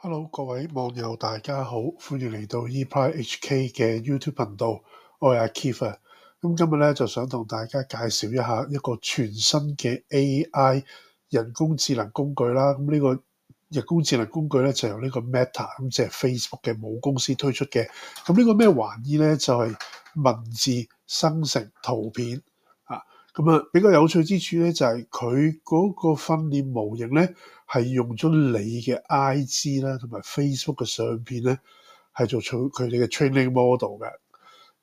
Hello，各位網友大家好，歡迎嚟到 ePrice HK 嘅 YouTube 頻道，我係阿 Keefe。咁今日咧就想同大家介紹一下一個全新嘅 AI 人工智能工具啦。咁呢個人工智能工具咧就由呢個 Meta，咁即係 Facebook 嘅母公司推出嘅。咁呢個咩玩意咧？就係文字生成圖片。咁啊，比較有趣之處咧，就係佢嗰個訓練模型咧，係用咗你嘅 I G 啦，同埋 Facebook 嘅相片咧，係做咗佢哋嘅 training model 嘅。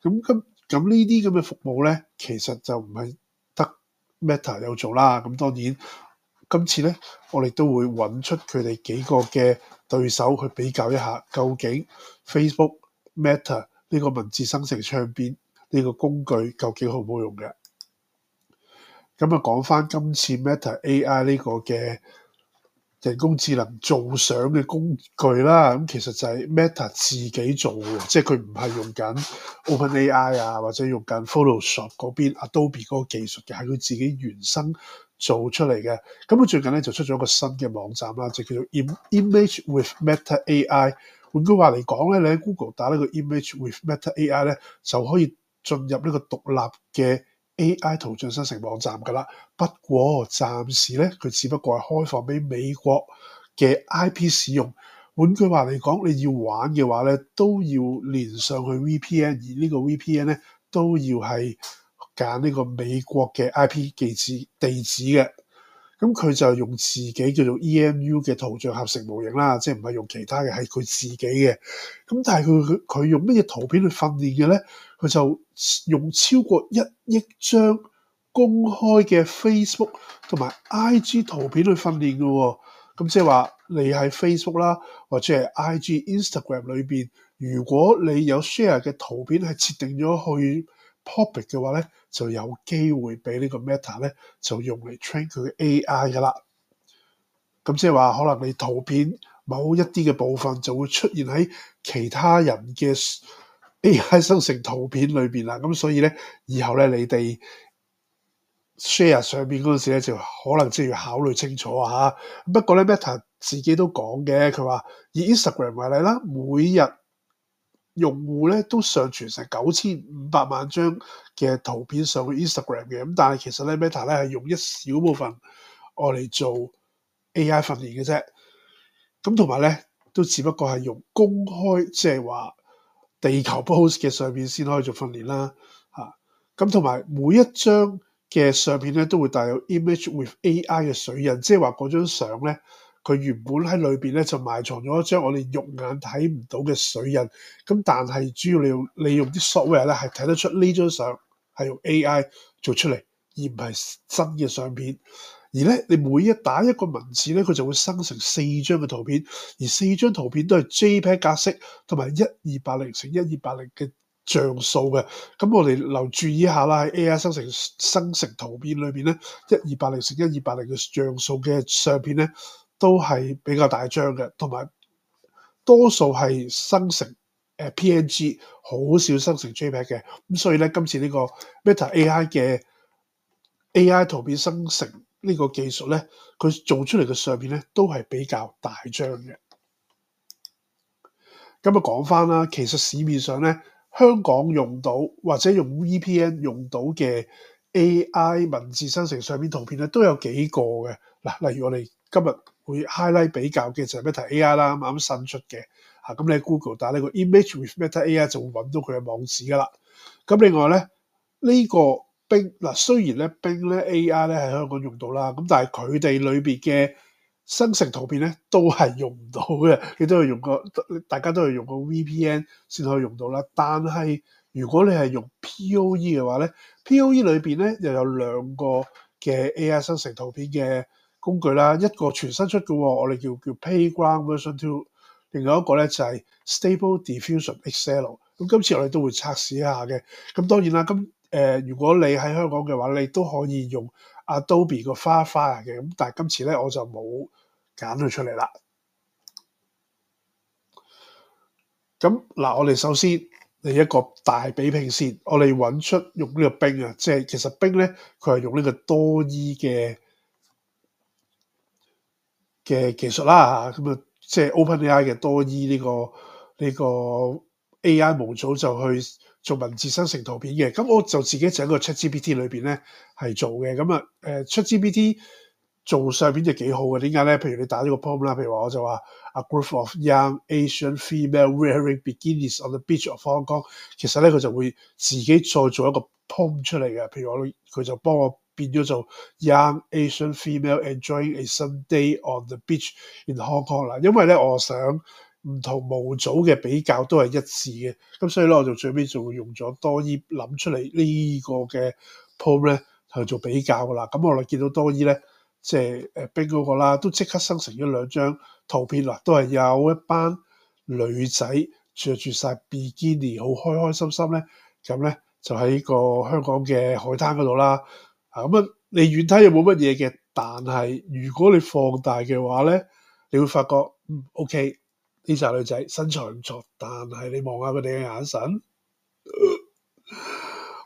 咁咁咁呢啲咁嘅服務咧，其實就唔係得 Meta 有做啦。咁當然今次咧，我哋都會揾出佢哋幾個嘅對手去比較一下，究竟 Facebook Meta 呢個文字生成相片呢個工具究竟好唔好用嘅？咁啊，講翻今次 Meta AI 呢個嘅人工智能做相嘅工具啦，咁其實就係 Meta 自己做嘅，即係佢唔係用緊 OpenAI 啊，或者用緊 Photoshop 嗰邊 Adobe 嗰個技術嘅，係佢自己原生做出嚟嘅。咁佢最近咧就出咗一個新嘅網站啦，就叫做 Image with Meta AI。換句話嚟講咧，你喺 Google 打呢個 Image with Meta AI 咧，就可以進入呢個獨立嘅 AI 圖像生成網站㗎啦，不過暫時咧，佢只不過係開放俾美國嘅 IP 使用。換句話嚟講，你要玩嘅話咧，都要連上去 VPN，而呢個 VPN 咧，都要係揀呢個美國嘅 IP 地址地址嘅。咁佢就用自己叫做 EMU 嘅圖像合成模型啦，即係唔係用其他嘅，係佢自己嘅。咁但係佢佢佢用咩圖片去訓練嘅咧？佢就用超過一億張公開嘅 Facebook 同埋 IG 圖片去訓練嘅喎、喔。咁即係話你喺 Facebook 啦，或者係 IG、Instagram 裏邊，如果你有 share 嘅圖片係設定咗去。public 嘅話咧，就有機會俾呢個 Meta 咧，就用嚟 train 佢嘅 AI 噶啦。咁即係話，可能你圖片某一啲嘅部分就會出現喺其他人嘅 AI 生成圖片裏面啦。咁所以咧，以後咧你哋 share 上面嗰陣時咧，就可能即係要考慮清楚吓。不過咧，Meta 自己都講嘅，佢話以 Instagram 為例啦，每日，用戶咧都上傳成九千五百萬張嘅圖片上去 Instagram 嘅，咁但係其實咧 Meta 咧係用一小部分我嚟做 AI 訓練嘅啫，咁同埋咧都只不過係用公開即係話地球 post 嘅相片先可以做訓練啦，吓，咁同埋每一張嘅相片咧都會帶有 Image with AI 嘅水印，即係話嗰張相咧。佢原本喺裏面咧就埋藏咗一張我哋肉眼睇唔到嘅水印，咁但係主要你用你用啲 software 咧係睇得出呢張相係用 AI 做出嚟，而唔係真嘅相片。而咧你每一打一個文字咧，佢就會生成四張嘅圖片，而四張圖片都係 JPEG 格式同埋1280乘1280嘅像素嘅。咁我哋留注意一下啦，喺 AI 生成生成圖片裏面咧，1280乘1280嘅像素嘅相片咧。都係比較大張嘅，同埋多數係生成誒 PNG，好少生成 JPEG 嘅。咁所以咧，今次呢個 Meta AI 嘅 AI 圖片生成呢個技術咧，佢做出嚟嘅相片咧都係比較大張嘅。咁啊，講翻啦，其實市面上咧，香港用到或者用 VPN 用到嘅 AI 文字生成相片圖片咧，都有幾個嘅嗱，例如我哋。今日會 highlight 比較嘅就係 Meta AI 啦，啱啱新出嘅吓。咁你 Google，打呢個 image with meta A I 就會揾到佢嘅網址㗎喇。咁另外咧，呢、這個冰嗱雖然咧冰咧 A I 咧喺香港用到啦，咁但係佢哋裏面嘅生成圖片咧都係用唔到嘅。你都要用個大家都係用個 VPN 先可以用到啦。但係如果你係用 P O E 嘅話咧，P O E 裏面咧又有兩個嘅 A I 生成圖片嘅。工具啦，一個全新出嘅，我哋叫叫 Playground Version Two，另外一個咧就係 Stable Diffusion XL。咁今次我哋都會測試一下嘅。咁當然啦，咁誒如果你喺香港嘅話，你都可以用 Adobe 個 Firefly 嘅。咁但係今次咧我就冇揀佢出嚟啦。咁嗱，我哋首先嚟一個大比拼先，我哋揾出用呢個冰啊，即係其實冰咧佢係用呢個多依嘅。嘅技術啦咁啊、嗯、即係 OpenAI 嘅 DALL-E 呢、呢個呢、呢個 AI 模組就去做文字生成圖片嘅，咁我就自己喺個 ChatGPT 裏邊咧係做嘅，咁啊 ChatGPT 做上面就幾好嘅，點解咧？譬如你打呢個 prompt 啦，譬如話我就話，a group of young Asian female wearing bikinis on the beach of Hong Kong，其實咧佢就會自己再做一個 prompt 出嚟嘅，譬如我佢就幫我。變咗做 young Asian female enjoying a Sunday on the beach in Hong Kong 啦，因為咧我想唔同模組嘅比較都係一致嘅，咁所以咧我就最尾仲用咗多依諗出嚟呢個嘅 poem 咧去做比較啦。咁我哋見到多依咧，即係誒冰嗰個啦，都即刻生成咗兩張圖片啦，都係有一班女仔着住晒 Bikini，好開開心心咧，咁咧就喺個香港嘅海灘嗰度啦。啊咁你遠睇又冇乜嘢嘅，但係如果你放大嘅話咧，你會發覺嗯 OK 呢紮女仔身材唔錯，但係你望下佢哋嘅眼神，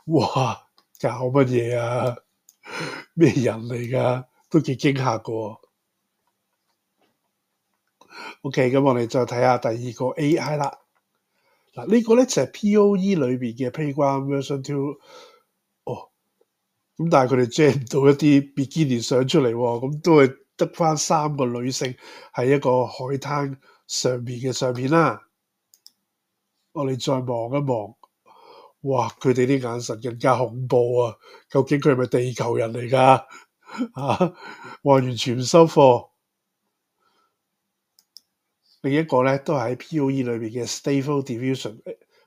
哇搞乜嘢啊？咩人嚟噶？都幾驚嚇噶。OK，咁我哋再睇下第二個 AI 啦。嗱、這個、呢個咧就係 POE 裏面嘅 Playground Version Two。咁但係佢哋遮唔到一啲 bikini 相出嚟喎，咁都係得翻三個女性喺一個海灘上面嘅相片啦。我哋再望一望，哇！佢哋啲眼神更加恐怖啊！究竟佢係咪地球人嚟㗎？嚇、啊，完全唔收貨。另一個咧都係喺 PoE 裏面嘅 Stable Diffusion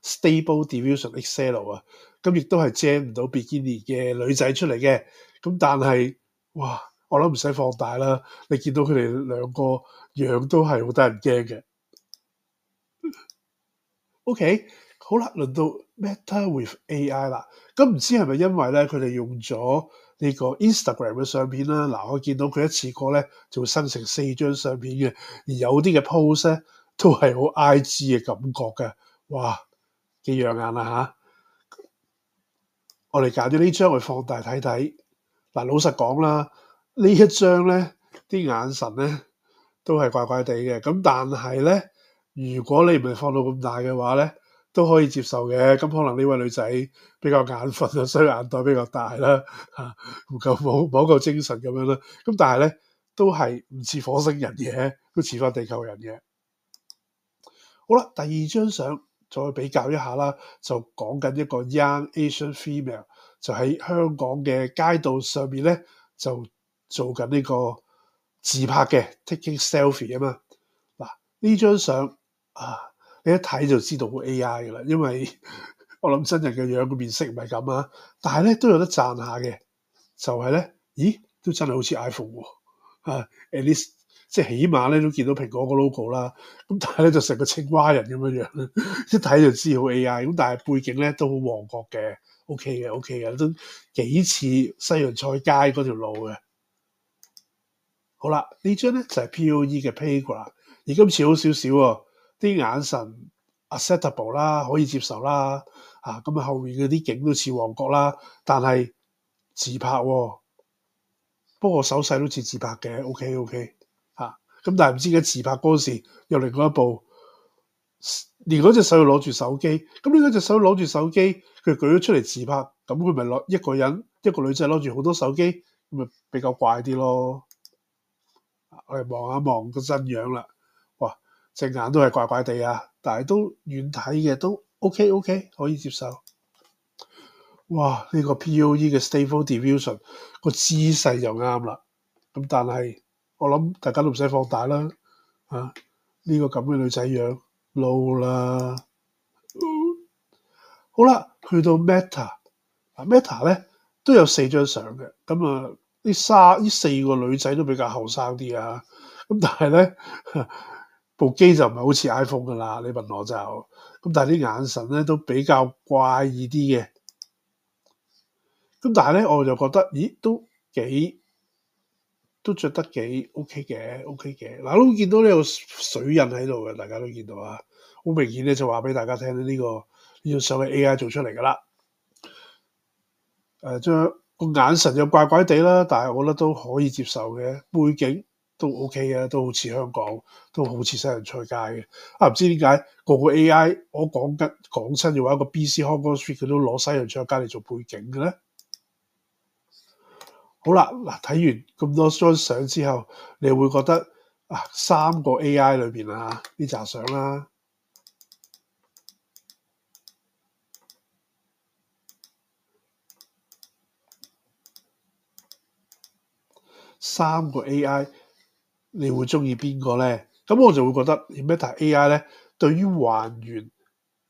Stable Diffusion XL 啊，咁亦都係遮唔到 Bikini 嘅女仔出嚟嘅。咁但係哇，我諗唔使放大啦，你見到佢哋兩個樣都係、okay，好得人驚嘅。OK，好啦，輪到 Meta with AI 啦。咁唔知係咪因為咧，佢哋用咗呢個 Instagram 嘅相片啦？嗱，我見到佢一次過咧就會生成四張相片嘅，而有啲嘅 pose 咧都係好 IG 嘅感覺嘅。哇！幾養眼啦，吓，我哋揀咗呢張去放大睇睇。嗱，老實講啦，呢一張咧啲眼神咧都係怪怪地嘅。咁但係咧，如果你唔係放到咁大嘅話咧，都可以接受嘅。咁可能呢位女仔比較眼瞓啊，所以眼袋比較大啦，吓，唔夠冇冇夠精神咁樣啦。咁但係咧都係唔似火星人嘅，都似翻地球人嘅。好啦，第二張相。再比較一下啦，就講緊一個 young Asian female 就喺香港嘅街道上面咧，就做緊呢個自拍嘅 taking selfie 啊嘛。嗱呢張相啊，你一睇就知道好 AI 嘅啦，因為我諗真人嘅樣個面色唔係咁啊，但係咧都有得贊下嘅，就係、是、咧咦都真係好似 iPhone、啊、喎，at least 即係起碼咧都見到蘋果個 logo 啦，咁但係咧就成個青蛙人咁樣樣，一睇就知好 A.I. 咁，但係背景咧都好旺角嘅，OK 嘅，OK 嘅都幾似西洋菜街嗰條路嘅。好啦，張呢張咧就係、是、Poe 嘅 paper 啦，而今次好少少喎，啲眼神 acceptable 啦，可以接受啦，咁、啊、後面嗰啲景都似旺角啦，但係自拍喎，不過手勢都似自拍嘅，OK OK。咁但係唔知點解，自拍嗰時又另外一部，連嗰隻手攞住手機，咁呢嗰隻手攞住手機，佢舉咗出嚟自拍，咁佢咪攞一個人一個女仔攞住好多手機，咁咪比較怪啲咯。我哋望一望個真樣啦，哇！隻眼都係怪怪地啊，但係都遠睇嘅都 OK OK 可以接受。哇！呢個 PoE 嘅 Stable Diffusion 個姿勢就啱啦，咁但係。我諗大家都唔使放大啦，啊！呢、這個咁嘅女仔樣 low、no、啦、嗯，好啦，去到 Meta，啊 Meta 咧都有四張相嘅，咁啊呢四個女仔都比較後生啲啊，咁但係咧部機就唔係好似 iPhone 噶啦，你問我就，咁、啊、但係啲眼神咧都比較怪異啲嘅，咁、啊、但係咧我就覺得，咦都幾～都着得幾 OK 嘅，OK 嘅嗱都見到呢個水印喺度嘅，大家都見到啊，好明顯咧就話俾大家聽呢、呢個呢、呢個所謂 AI 做出嚟㗎啦。誒、呃，即個眼神又怪怪地啦，但係我覺得都可以接受嘅，背景都 OK 嘅，都好似香港，都好似西洋菜街嘅。啊，唔知點解個個 AI 我講緊講親嘅話，一個 BC Hong Kong Street 佢都攞西洋菜街嚟做背景嘅咧。好啦，嗱睇完咁多張相之後，你會覺得啊三個 AI 裏面啊呢雜相啦，三個 AI 你會中意邊個咧？咁我就會覺得咩？Meta AI 咧，對於還原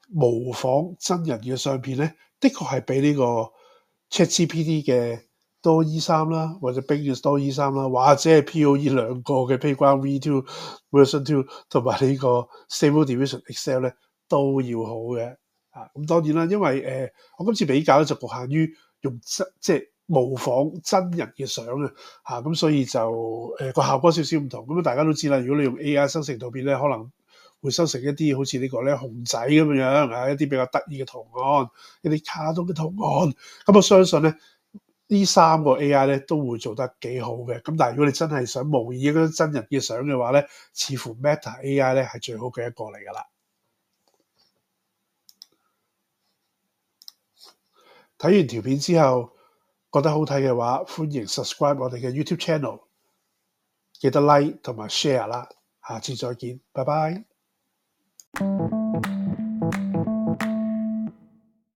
模仿真人嘅相片咧，的確係比呢個 ChatGPT 嘅。DallE 3啦，或者冰 i DallE 3啦，或者係 POE 兩個嘅 Playground V2 Version Two 同埋呢個 Stable Diffusion XL 咧，都要好嘅嚇。咁、啊、當然啦，因為誒、呃、我今次比較咧就局限於用即係模仿真人嘅相啊。嚇，咁所以就誒個、呃、效果少少唔同。咁啊，大家都知啦，如果你用 AI 生成圖片咧，可能會生成一啲好似呢個咧熊仔咁樣樣啊，一啲比較得意嘅圖案，一啲卡通嘅圖案。咁我相信咧。呢三個 AI 咧都會做得幾好嘅，咁但係如果你真係想模擬真人嘅相嘅話咧，似乎 Meta AI 咧係最好嘅一個嚟㗎啦。睇完條片之後覺得好睇嘅話，歡迎 subscribe 我哋嘅 YouTube channel，記得 like 同埋 share 啦。下次再見，拜拜。